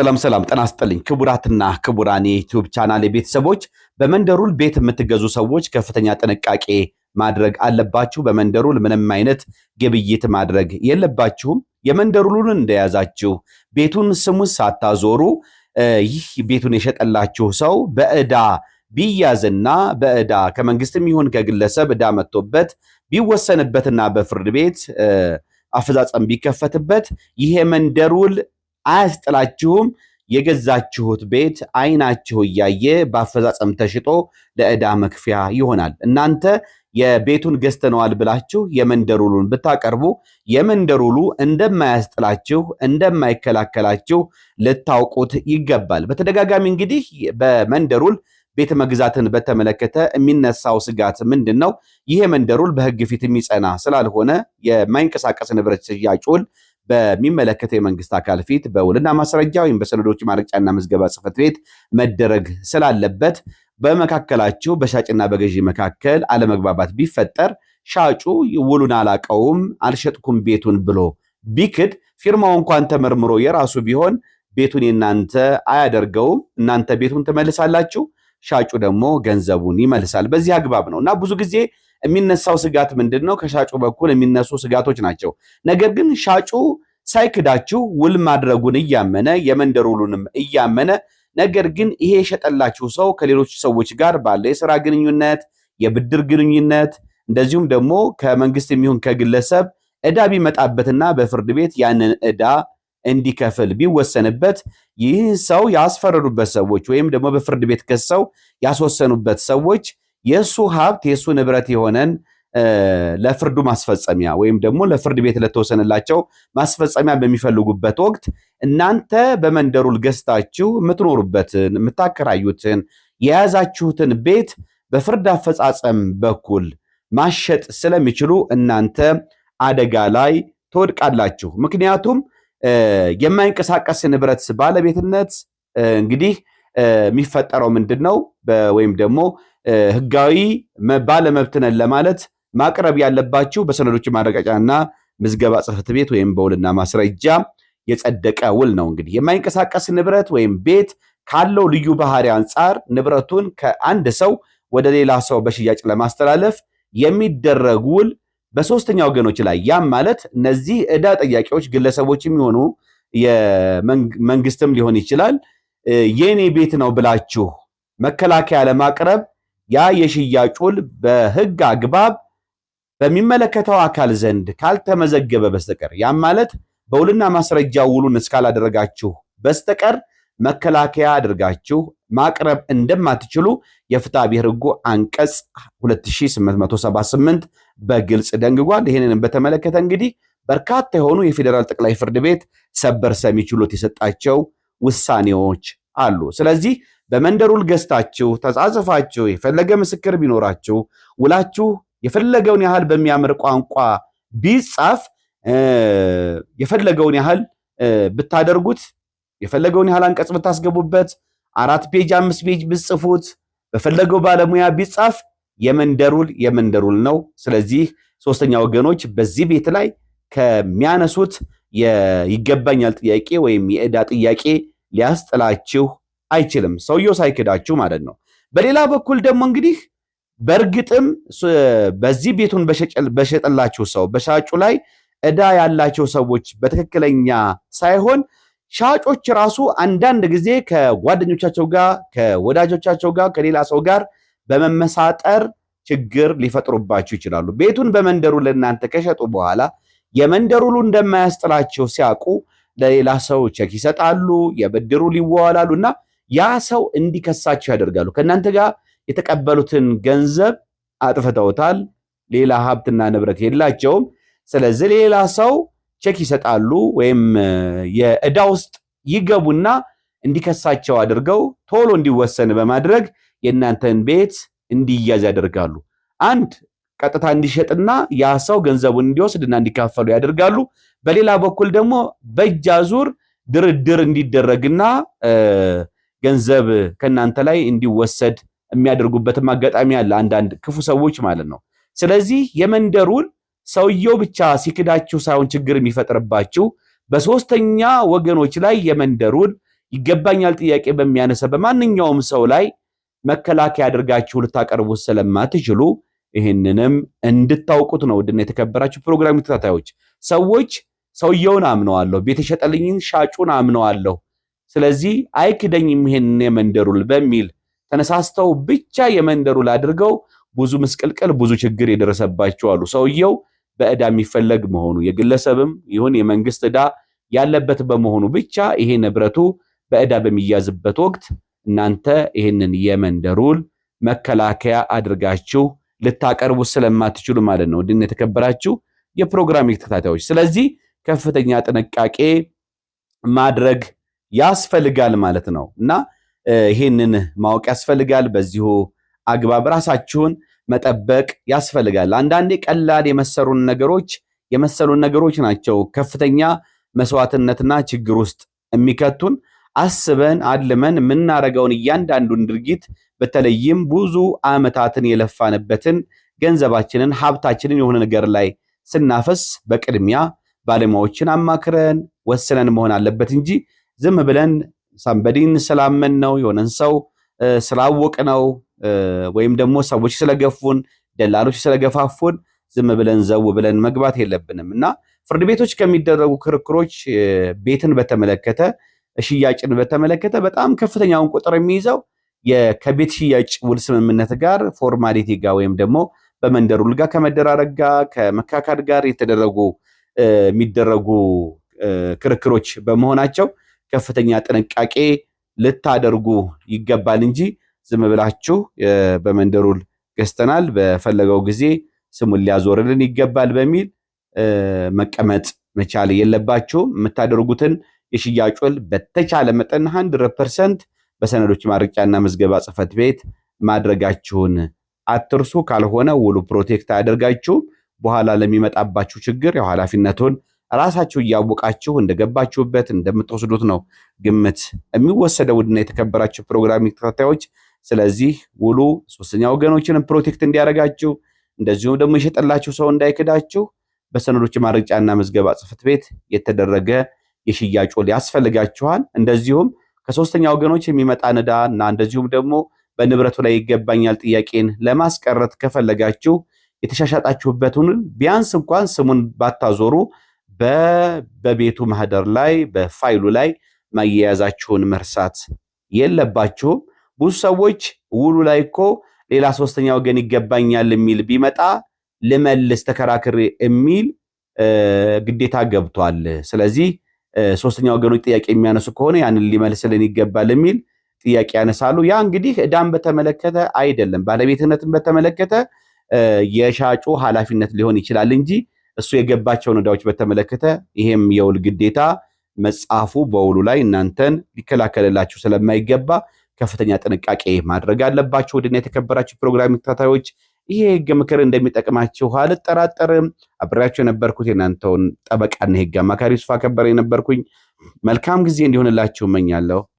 ሰላም ሰላም፣ ጤና ይስጥልኝ ክቡራትና ክቡራን የዩቲዩብ ቻናል ቤተሰቦች፣ በመንደሩል ቤት የምትገዙ ሰዎች ከፍተኛ ጥንቃቄ ማድረግ አለባችሁ። በመንደሩል ምንም አይነት ግብይት ማድረግ የለባችሁም። የመንደሩሉን እንደያዛችሁ ቤቱን ስሙን ሳታዞሩ ይህ ቤቱን የሸጠላችሁ ሰው በእዳ ቢያዝና በእዳ ከመንግስትም ይሁን ከግለሰብ እዳ መጥቶበት ቢወሰንበትና በፍርድ ቤት አፈጻጸም ቢከፈትበት ይሄ መንደሩል አያስጥላችሁም። የገዛችሁት ቤት አይናችሁ እያየ በአፈጻጸም ተሽጦ ለዕዳ መክፊያ ይሆናል። እናንተ የቤቱን ገዝተነዋል ብላችሁ የመንደር ውሉን ብታቀርቡ የመንደር ውሉ እንደማያስጥላችሁ እንደማይከላከላችሁ ልታውቁት ይገባል። በተደጋጋሚ እንግዲህ በመንደር ውል ቤት መግዛትን በተመለከተ የሚነሳው ስጋት ምንድን ነው? ይሄ መንደር ውል በሕግ ፊት የሚጸና ስላልሆነ የማይንቀሳቀስ ንብረት ሽያጭ ውል በሚመለከተው የመንግስት አካል ፊት በውልና ማስረጃ ወይም በሰነዶች ማረግጫና ምዝገባ ጽሕፈት ቤት መደረግ ስላለበት በመካከላቸው በሻጭና በገዢ መካከል አለመግባባት ቢፈጠር ሻጩ ውሉን አላቀውም አልሸጥኩም ቤቱን ብሎ ቢክድ ፊርማው እንኳን ተመርምሮ የራሱ ቢሆን ቤቱን የናንተ አያደርገውም። እናንተ ቤቱን ትመልሳላችሁ፣ ሻጩ ደግሞ ገንዘቡን ይመልሳል። በዚህ አግባብ ነው እና ብዙ ጊዜ የሚነሳው ስጋት ምንድን ነው? ከሻጩ በኩል የሚነሱ ስጋቶች ናቸው። ነገር ግን ሻጩ ሳይክዳችሁ ውል ማድረጉን እያመነ የመንደር ውሉንም እያመነ ነገር ግን ይሄ የሸጠላችሁ ሰው ከሌሎች ሰዎች ጋር ባለ የስራ ግንኙነት፣ የብድር ግንኙነት እንደዚሁም ደግሞ ከመንግስት የሚሆን ከግለሰብ እዳ ቢመጣበትና በፍርድ ቤት ያንን እዳ እንዲከፍል ቢወሰንበት ይህ ሰው ያስፈረዱበት ሰዎች ወይም ደግሞ በፍርድ ቤት ከሰው ያስወሰኑበት ሰዎች የእሱ ሀብት የእሱ ንብረት የሆነን ለፍርዱ ማስፈጸሚያ ወይም ደግሞ ለፍርድ ቤት ለተወሰነላቸው ማስፈጸሚያ በሚፈልጉበት ወቅት እናንተ በመንደሩ ልገስታችሁ የምትኖሩበትን የምታከራዩትን የያዛችሁትን ቤት በፍርድ አፈጻጸም በኩል ማሸጥ ስለሚችሉ እናንተ አደጋ ላይ ትወድቃላችሁ። ምክንያቱም የማይንቀሳቀስ ንብረት ባለቤትነት እንግዲህ የሚፈጠረው ምንድን ነው ወይም ደግሞ ህጋዊ ባለመብትነን ለማለት ማቅረብ ያለባችሁ በሰነዶች ማረጋጫና ምዝገባ ጽህፈት ቤት ወይም በውልና ማስረጃ የጸደቀ ውል ነው። እንግዲህ የማይንቀሳቀስ ንብረት ወይም ቤት ካለው ልዩ ባህሪ አንጻር ንብረቱን ከአንድ ሰው ወደ ሌላ ሰው በሽያጭ ለማስተላለፍ የሚደረግ ውል በሶስተኛ ወገኖች ላይ ያም ማለት እነዚህ ዕዳ ጠያቂዎች ግለሰቦች የሚሆኑ የመንግስትም ሊሆን ይችላል። የኔ ቤት ነው ብላችሁ መከላከያ ለማቅረብ ያ የሽያጭ ውል በህግ አግባብ በሚመለከተው አካል ዘንድ ካልተመዘገበ በስተቀር ያም ማለት በውልና ማስረጃ ውሉን እስካላደረጋችሁ በስተቀር መከላከያ አድርጋችሁ ማቅረብ እንደማትችሉ የፍትሐ ብሔር ህጉ አንቀጽ 2878 በግልጽ ደንግጓል። ይህንንም በተመለከተ እንግዲህ በርካታ የሆኑ የፌዴራል ጠቅላይ ፍርድ ቤት ሰበር ሰሚ ችሎት የሰጣቸው ውሳኔዎች አሉ። ስለዚህ በመንደሩል ገዝታችሁ ተጻጽፋችሁ የፈለገ ምስክር ቢኖራችሁ ውላችሁ የፈለገውን ያህል በሚያምር ቋንቋ ቢጻፍ የፈለገውን ያህል ብታደርጉት የፈለገውን ያህል አንቀጽ ብታስገቡበት አራት ፔጅ አምስት ፔጅ ብጽፉት በፈለገው ባለሙያ ቢጻፍ የመንደሩል የመንደሩል ነው። ስለዚህ ሶስተኛ ወገኖች በዚህ ቤት ላይ ከሚያነሱት ይገባኛል ጥያቄ ወይም የእዳ ጥያቄ ሊያስጥላችሁ አይችልም፣ ሰውየው ሳይክዳችሁ ማለት ነው። በሌላ በኩል ደግሞ እንግዲህ በእርግጥም በዚህ ቤቱን በሸጠላችሁ ሰው በሻጩ ላይ እዳ ያላቸው ሰዎች በትክክለኛ ሳይሆን ሻጮች ራሱ አንዳንድ ጊዜ ከጓደኞቻቸው ጋር ከወዳጆቻቸው ጋር ከሌላ ሰው ጋር በመመሳጠር ችግር ሊፈጥሩባችሁ ይችላሉ። ቤቱን በመንደሩ ለእናንተ ከሸጡ በኋላ የመንደሩ ሁሉ እንደማያስጥላቸው ሲያውቁ ለሌላ ሰው ቸክ ይሰጣሉ፣ የብድሩ ሊዋዋላሉ እና ያ ሰው እንዲከሳቸው ያደርጋሉ። ከእናንተ ጋር የተቀበሉትን ገንዘብ አጥፍተውታል፣ ሌላ ሀብትና ንብረት የላቸውም። ስለዚህ ሌላ ሰው ቼክ ይሰጣሉ ወይም የእዳ ውስጥ ይገቡና እንዲከሳቸው አድርገው ቶሎ እንዲወሰን በማድረግ የእናንተን ቤት እንዲያዝ ያደርጋሉ። አንድ ቀጥታ እንዲሸጥና ያ ሰው ገንዘቡን እንዲወስድና እንዲካፈሉ ያደርጋሉ። በሌላ በኩል ደግሞ በእጅ አዙር ድርድር እንዲደረግና ገንዘብ ከእናንተ ላይ እንዲወሰድ የሚያደርጉበትም አጋጣሚ አለ፣ አንዳንድ ክፉ ሰዎች ማለት ነው። ስለዚህ የመንደሩን ሰውየው ብቻ ሲክዳችሁ ሳይሆን ችግር የሚፈጥርባችሁ በሶስተኛ ወገኖች ላይ የመንደሩን ይገባኛል ጥያቄ በሚያነሳ በማንኛውም ሰው ላይ መከላከያ አድርጋችሁ ልታቀርቡት ስለማትችሉ ይህንንም እንድታውቁት ነው። ውድና የተከበራችሁ ፕሮግራም ተከታታዮች ሰዎች ሰውየውን አምነዋለሁ፣ ቤተሸጠልኝን ሻጩን አምነዋለሁ ስለዚህ አይክደኝም ይሄን የመንደሩል በሚል ተነሳስተው ብቻ የመንደሩል አድርገው ብዙ ምስቅልቅል፣ ብዙ ችግር የደረሰባቸው አሉ። ሰውየው በዕዳ የሚፈለግ መሆኑ የግለሰብም ይሁን የመንግስት ዕዳ ያለበት በመሆኑ ብቻ ይሄ ንብረቱ በእዳ በሚያዝበት ወቅት እናንተ ይህንን የመንደሩል መከላከያ አድርጋችሁ ልታቀርቡ ስለማትችሉ ማለት ነው። ድን የተከበራችሁ የፕሮግራሚንግ ተከታታዮች፣ ስለዚህ ከፍተኛ ጥንቃቄ ማድረግ ያስፈልጋል ማለት ነው እና ይህንን ማወቅ ያስፈልጋል። በዚሁ አግባብ ራሳችሁን መጠበቅ ያስፈልጋል። አንዳንዴ ቀላል የመሰሉን ነገሮች የመሰሉን ነገሮች ናቸው ከፍተኛ መስዋዕትነትና ችግር ውስጥ የሚከቱን። አስበን አልመን የምናደርገውን እያንዳንዱን ድርጊት በተለይም ብዙ ዓመታትን የለፋንበትን ገንዘባችንን ሀብታችንን የሆነ ነገር ላይ ስናፈስ በቅድሚያ ባለሙያዎችን አማክረን ወስነን መሆን አለበት እንጂ ዝም ብለን ሳንበዲን ስላመን ነው የሆነን ሰው ስላወቅ ነው ወይም ደግሞ ሰዎች ስለገፉን ደላሎች ስለገፋፉን ዝም ብለን ዘው ብለን መግባት የለብንም እና ፍርድ ቤቶች ከሚደረጉ ክርክሮች ቤትን በተመለከተ ሽያጭን በተመለከተ በጣም ከፍተኛውን ቁጥር የሚይዘው ከቤት ሽያጭ ውል ስምምነት ጋር ፎርማሊቲ ጋር ወይም ደግሞ በመንደር ውል ጋር ከመደራረግ ጋር ከመካካድ ጋር የተደረጉ የሚደረጉ ክርክሮች በመሆናቸው ከፍተኛ ጥንቃቄ ልታደርጉ ይገባል እንጂ ዝም ብላችሁ በመንደሩ ገዝተናል በፈለገው ጊዜ ስሙን ሊያዞርልን ይገባል በሚል መቀመጥ መቻል የለባችሁም። የምታደርጉትን የሽያጩል በተቻለ መጠን ሀንድረድ ፐርሰንት በሰነዶች ማረጋገጫና ምዝገባ ጽፈት ቤት ማድረጋችሁን አትርሱ። ካልሆነ ውሉ ፕሮቴክት አያደርጋችሁም። በኋላ ለሚመጣባችሁ ችግር ያው ራሳችሁ እያወቃችሁ እንደገባችሁበት እንደምትወስዱት ነው ግምት የሚወሰደው። ውድና የተከበራችሁ ፕሮግራሚንግ ተከታታዮች፣ ስለዚህ ውሉ ሶስተኛ ወገኖችን ፕሮቴክት እንዲያደርጋችሁ እንደዚሁም ደግሞ የሸጠላችሁ ሰው እንዳይክዳችሁ በሰነዶች ማረጋገጫና ምዝገባ ጽሕፈት ቤት የተደረገ የሽያጭ ውል ያስፈልጋችኋል። እንደዚሁም ከሶስተኛ ወገኖች የሚመጣ ንዳ እና እንደዚሁም ደግሞ በንብረቱ ላይ ይገባኛል ጥያቄን ለማስቀረት ከፈለጋችሁ የተሻሻጣችሁበትን ቢያንስ እንኳን ስሙን ባታዞሩ በቤቱ ማህደር ላይ በፋይሉ ላይ ማያያዛችሁን መርሳት የለባችሁም። ብዙ ሰዎች ውሉ ላይ እኮ ሌላ ሶስተኛ ወገን ይገባኛል የሚል ቢመጣ ልመልስ ተከራክሬ የሚል ግዴታ ገብቷል። ስለዚህ ሶስተኛ ወገኖች ጥያቄ የሚያነሱ ከሆነ ያንን ሊመልስልን ይገባል የሚል ጥያቄ ያነሳሉ። ያ እንግዲህ እዳን በተመለከተ አይደለም፣ ባለቤትነትን በተመለከተ የሻጩ ኃላፊነት ሊሆን ይችላል እንጂ እሱ የገባቸውን ዕዳዎች በተመለከተ ይሄም የውል ግዴታ መጽሐፉ በውሉ ላይ እናንተን ሊከላከልላችሁ ስለማይገባ ከፍተኛ ጥንቃቄ ማድረግ አለባችሁ። ወደና የተከበራችሁ ፕሮግራም ተከታታዮች ይሄ የህግ ምክር እንደሚጠቅማችሁ አልጠራጠርም። አብሬያችሁ የነበርኩት የእናንተውን ጠበቃና የህግ አማካሪ ዩሱፍ ከበረ የነበርኩኝ። መልካም ጊዜ እንዲሆንላችሁ እመኛለሁ።